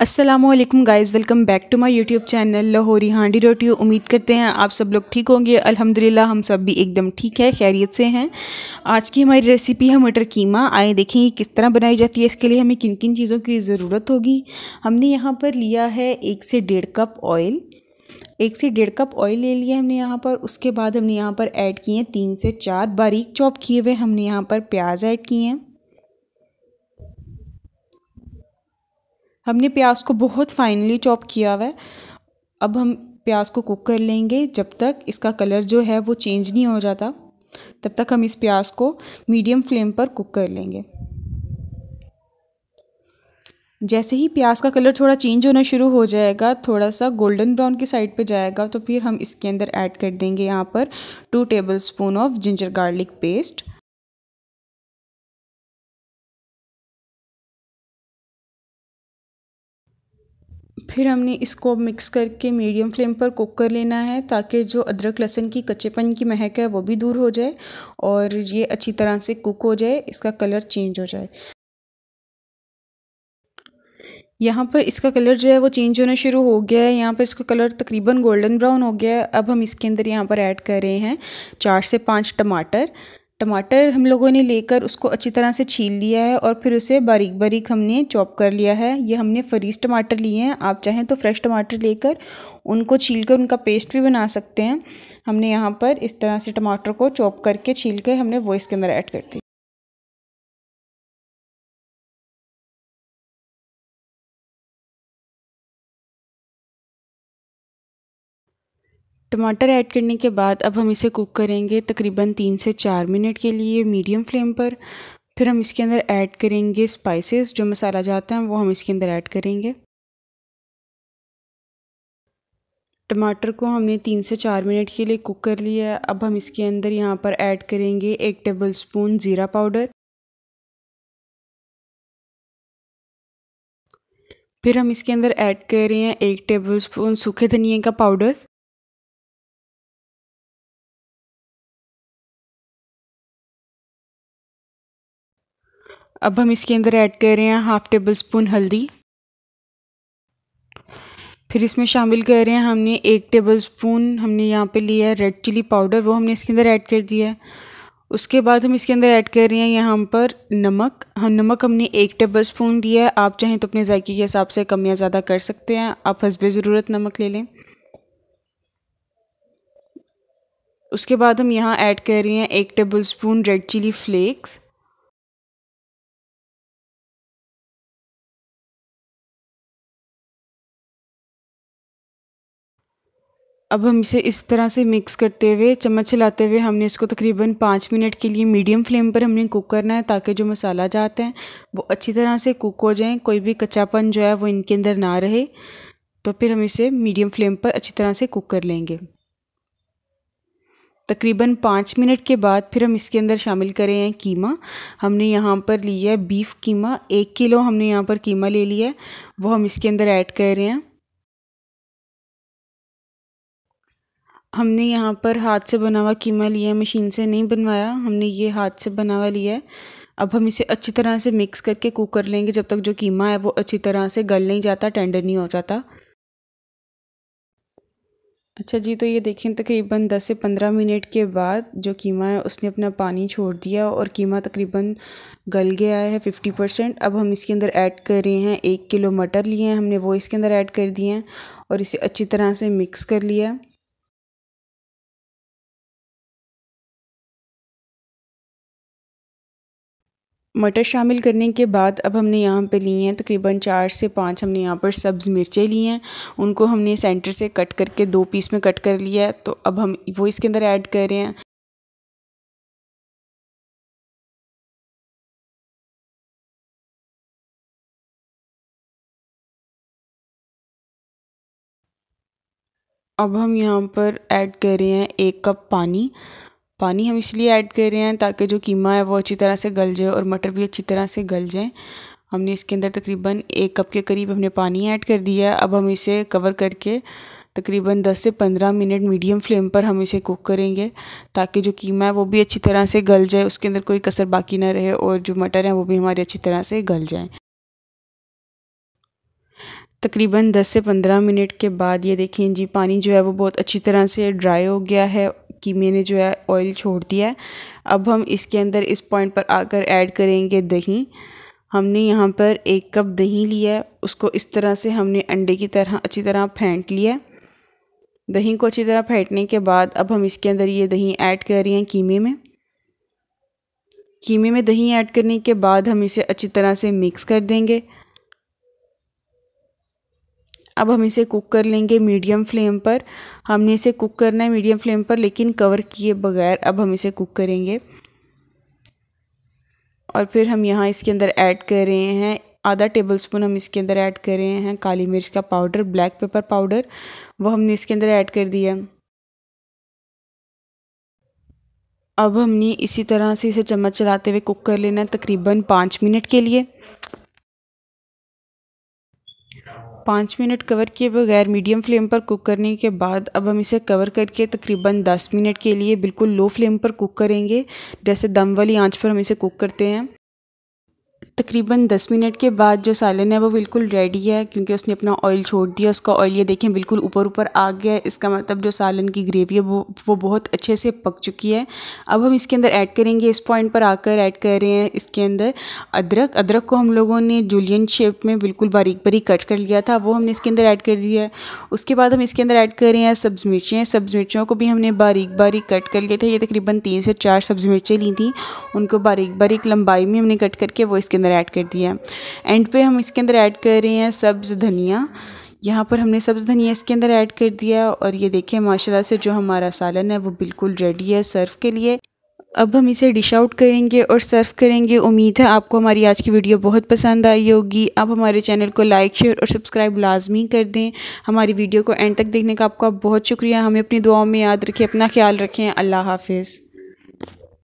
Aslam guys welcome back to my YouTube channel Lahori हांडी रोटी उम्मीद करते हैं आप सब लोग ठीक होंगे अलहमदिल्ला हम सब भी एकदम ठीक है खैरियत से हैं आज की हमारी रेसिपी है मटर कीमा आए देखें ये किस तरह बनाई जाती है इसके लिए हमें किन किन चीज़ों की ज़रूरत होगी हमने यहाँ पर लिया है एक से डेढ़ कप ऑयल एक से डेढ़ कप ऑयल ले लिया हमने यहाँ पर उसके बाद हमने यहाँ पर ऐड किए हैं तीन से चार बारीक चॉप किए हुए हमने यहाँ पर प्याज ऐड किए हैं हमने प्याज को बहुत फाइनली चॉप किया हुआ है अब हम प्याज को कुक कर लेंगे जब तक इसका कलर जो है वो चेंज नहीं हो जाता तब तक हम इस प्याज को मीडियम फ्लेम पर कुक कर लेंगे जैसे ही प्याज का कलर थोड़ा चेंज होना शुरू हो जाएगा थोड़ा सा गोल्डन ब्राउन की साइड पे जाएगा तो फिर हम इसके अंदर ऐड कर देंगे यहाँ पर two tablespoon of ginger garlic paste फिर हमने इसको मिक्स करके मीडियम फ्लेम पर कुक कर लेना है ताकि जो अदरक लहसुन की कच्चेपन की महक है वो भी दूर हो जाए और ये अच्छी तरह से कुक हो जाए इसका कलर चेंज हो जाए यहाँ पर इसका कलर जो है वो चेंज होना शुरू हो गया है यहाँ पर इसका कलर तकरीबन गोल्डन ब्राउन हो गया है अब हम इसके अंदर यहाँ पर ऐड कर रहे हैं चार से पाँच टमाटर टमाटर हम लोगों ने लेकर उसको अच्छी तरह से छील लिया है और फिर उसे बारीक बारीक हमने चॉप कर लिया है ये हमने फरीज टमाटर लिए हैं आप चाहें तो फ्रेश टमाटर लेकर उनको छील कर उनका पेस्ट भी बना सकते हैं हमने यहाँ पर इस तरह से टमाटर को चॉप करके छील कर हमने वो इसके अंदर ऐड कर दी टमाटर ऐड करने के बाद अब हम इसे कुक करेंगे तकरीबन तीन से चार मिनट के लिए मीडियम फ्लेम पर फिर हम इसके अंदर ऐड करेंगे स्पाइसेस जो मसाला जाता है वो हम इसके अंदर ऐड करेंगे टमाटर को हमने तीन से चार मिनट के लिए कुक कर लिया है अब हम इसके अंदर यहाँ पर ऐड करेंगे एक टेबल स्पून ज़ीरा पाउडर फिर हम इसके अंदर ऐड कर रहे हैं एक टेबल स्पून सूखे धनिए का पाउडर अब हम इसके अंदर ऐड कर रहे हैं हाफ़ टेबल स्पून हल्दी फिर इसमें शामिल कर रहे हैं हमने एक टेबल स्पून हमने यहाँ पे लिया है रेड चिली पाउडर वो हमने इसके अंदर ऐड कर दिया है उसके बाद हम इसके अंदर ऐड कर रहे हैं यहाँ पर नमक हम नमक हमने एक टेबल स्पून दिया है आप चाहें तो अपने जायके के हिसाब से कम या ज़्यादा कर सकते हैं आप हसब ज़रूरत नमक ले लें उसके बाद हम यहाँ ऐड कर रहे हैं एक tablespoon red chilli flakes अब हम इसे इस तरह से मिक्स करते हुए चम्मच हिलाते हुए हमने इसको तकरीबन पाँच मिनट के लिए मीडियम फ्लेम पर हमने कुक करना है ताकि जो मसाला जाते हैं वो अच्छी तरह से कुक हो जाएं कोई भी कच्चापन जो है वो इनके अंदर ना रहे तो फिर हम इसे मीडियम फ्लेम पर अच्छी तरह से कुक कर लेंगे तकरीबन पाँच मिनट के बाद फिर हम इसके अंदर शामिल करें हैं कीमा हमने यहाँ पर लिया है बीफ कीमा एक किलो हमने यहाँ पर कीमा ले लिया है वो हम इसके अंदर ऐड कर रहे हैं हमने यहाँ पर हाथ से बना हुआ कीमा लिया है मशीन से नहीं बनवाया हमने ये हाथ से बना हुआ लिया है अब हम इसे अच्छी तरह से मिक्स करके कुक कर लेंगे जब तक जो कीमा है वो अच्छी तरह से गल नहीं जाता टेंडर नहीं हो जाता अच्छा जी तो ये देखें तकरीबन 10 से 15 मिनट के बाद जो कीमा है उसने अपना पानी छोड़ दिया और कीमा तकरीबन गल गया है 50 परसेंट अब हम इसके अंदर ऐड कर रहे हैं एक किलो मटर लिए हैं हमने वो इसके अंदर ऐड कर दिए हैं और इसे अच्छी तरह से मिक्स कर लिया मटर शामिल करने के बाद अब हमने यहाँ पे लिए हैं तकरीबन चार से पाँच हमने यहाँ पर सब्ज़ मिर्चें ली हैं उनको हमने सेंटर से कट करके दो पीस में कट कर लिया है तो अब हम वो इसके अंदर ऐड कर रहे हैं अब हम यहाँ पर ऐड कर रहे हैं एक कप पानी पानी हम इसलिए ऐड कर रहे हैं ताकि जो कीमा है वो अच्छी तरह से गल जाए और मटर भी अच्छी तरह से गल जाए हमने इसके अंदर तकरीबन एक कप के करीब हमने पानी ऐड कर दिया है अब हम इसे कवर करके तकरीबन 10 से 15 मिनट मीडियम फ्लेम पर हम इसे कुक करेंगे ताकि जो कीमा है वो भी अच्छी तरह से गल जाए उसके अंदर कोई कसर बाकी ना रहे और जो मटर हैं वो भी हमारे अच्छी तरह से गल जाएँ तकरीबन 10 से 15 मिनट के बाद ये देखें जी पानी जो है वो बहुत अच्छी तरह से ड्राई हो गया है कि मैंने जो है ऑयल छोड़ दिया है अब हम इसके अंदर इस पॉइंट पर आकर ऐड करेंगे दही हमने यहाँ पर एक कप दही लिया है उसको इस तरह से हमने अंडे की तरह अच्छी तरह फेंट लिया दही को अच्छी तरह फेंटने के बाद अब हम इसके अंदर ये दही ऐड कर रहे हैं कीमे में कीमे में दही ऐड करने के बाद हम इसे अच्छी तरह से मिक्स कर देंगे अब हम इसे कुक कर लेंगे मीडियम फ्लेम पर हमने इसे कुक करना है मीडियम फ्लेम पर लेकिन कवर किए बगैर अब हम इसे कुक करेंगे और फिर हम यहाँ इसके अंदर ऐड कर रहे हैं आधा टेबल स्पून हम इसके अंदर ऐड कर रहे हैं काली मिर्च का पाउडर ब्लैक पेपर पाउडर वो हमने इसके अंदर ऐड कर दिया अब हमने इसी तरह से इसे चम्मच चलाते हुए कुक कर लेना है तकरीबन पाँच मिनट के लिए पाँच मिनट कवर किए बगैर मीडियम फ्लेम पर कुक करने के बाद अब हम इसे कवर करके तकरीबन दस मिनट के लिए बिल्कुल लो फ्लेम पर कुक करेंगे जैसे दम वाली आंच पर हम इसे कुक करते हैं तकरीबन दस मिनट के बाद जो सालन है वो बिल्कुल रेडी है क्योंकि उसने अपना ऑयल छोड़ दिया उसका ऑयल ये देखें बिल्कुल ऊपर ऊपर आ गया है इसका मतलब जो सालन की ग्रेवी है वो वो बहुत अच्छे से पक चुकी है अब हम इसके अंदर ऐड करेंगे इस पॉइंट पर आकर ऐड कर रहे हैं इसके अंदर अदरक अदरक को हम लोगों ने जूलियन शेप में बिल्कुल बारीक बारीक कट कर लिया था वो हमने इसके अंदर ऐड कर दिया है उसके बाद हम इसके अंदर ऐड कर रहे हैं सब्ज़ मिर्चें सब्ज़ मिर्चों को भी हमने बारीक बारीक कट कर लिए थे ये तकरीबन तीन से चार सब्ज़ मिर्चें ली थी उनको बारीक बारीक लंबाई में हमने कट करके वो इसके अंदर ऐड कर दिया एंड पे हम इसके अंदर ऐड कर रहे हैं सब्ज़ धनिया यहाँ पर हमने सब्ज़ धनिया इसके अंदर ऐड कर दिया और ये देखें माशाल्लाह से जो हमारा सालन है वो बिल्कुल रेडी है सर्व के लिए अब हम इसे डिश आउट करेंगे और सर्व करेंगे उम्मीद है आपको हमारी आज की वीडियो बहुत पसंद आई होगी आप हमारे चैनल को लाइक शेयर और सब्सक्राइब लाजमी कर दें हमारी वीडियो को एंड तक देखने का आपका बहुत शुक्रिया हमें अपनी दुआओं में याद रखें अपना ख्याल रखें अल्लाह हाफिज़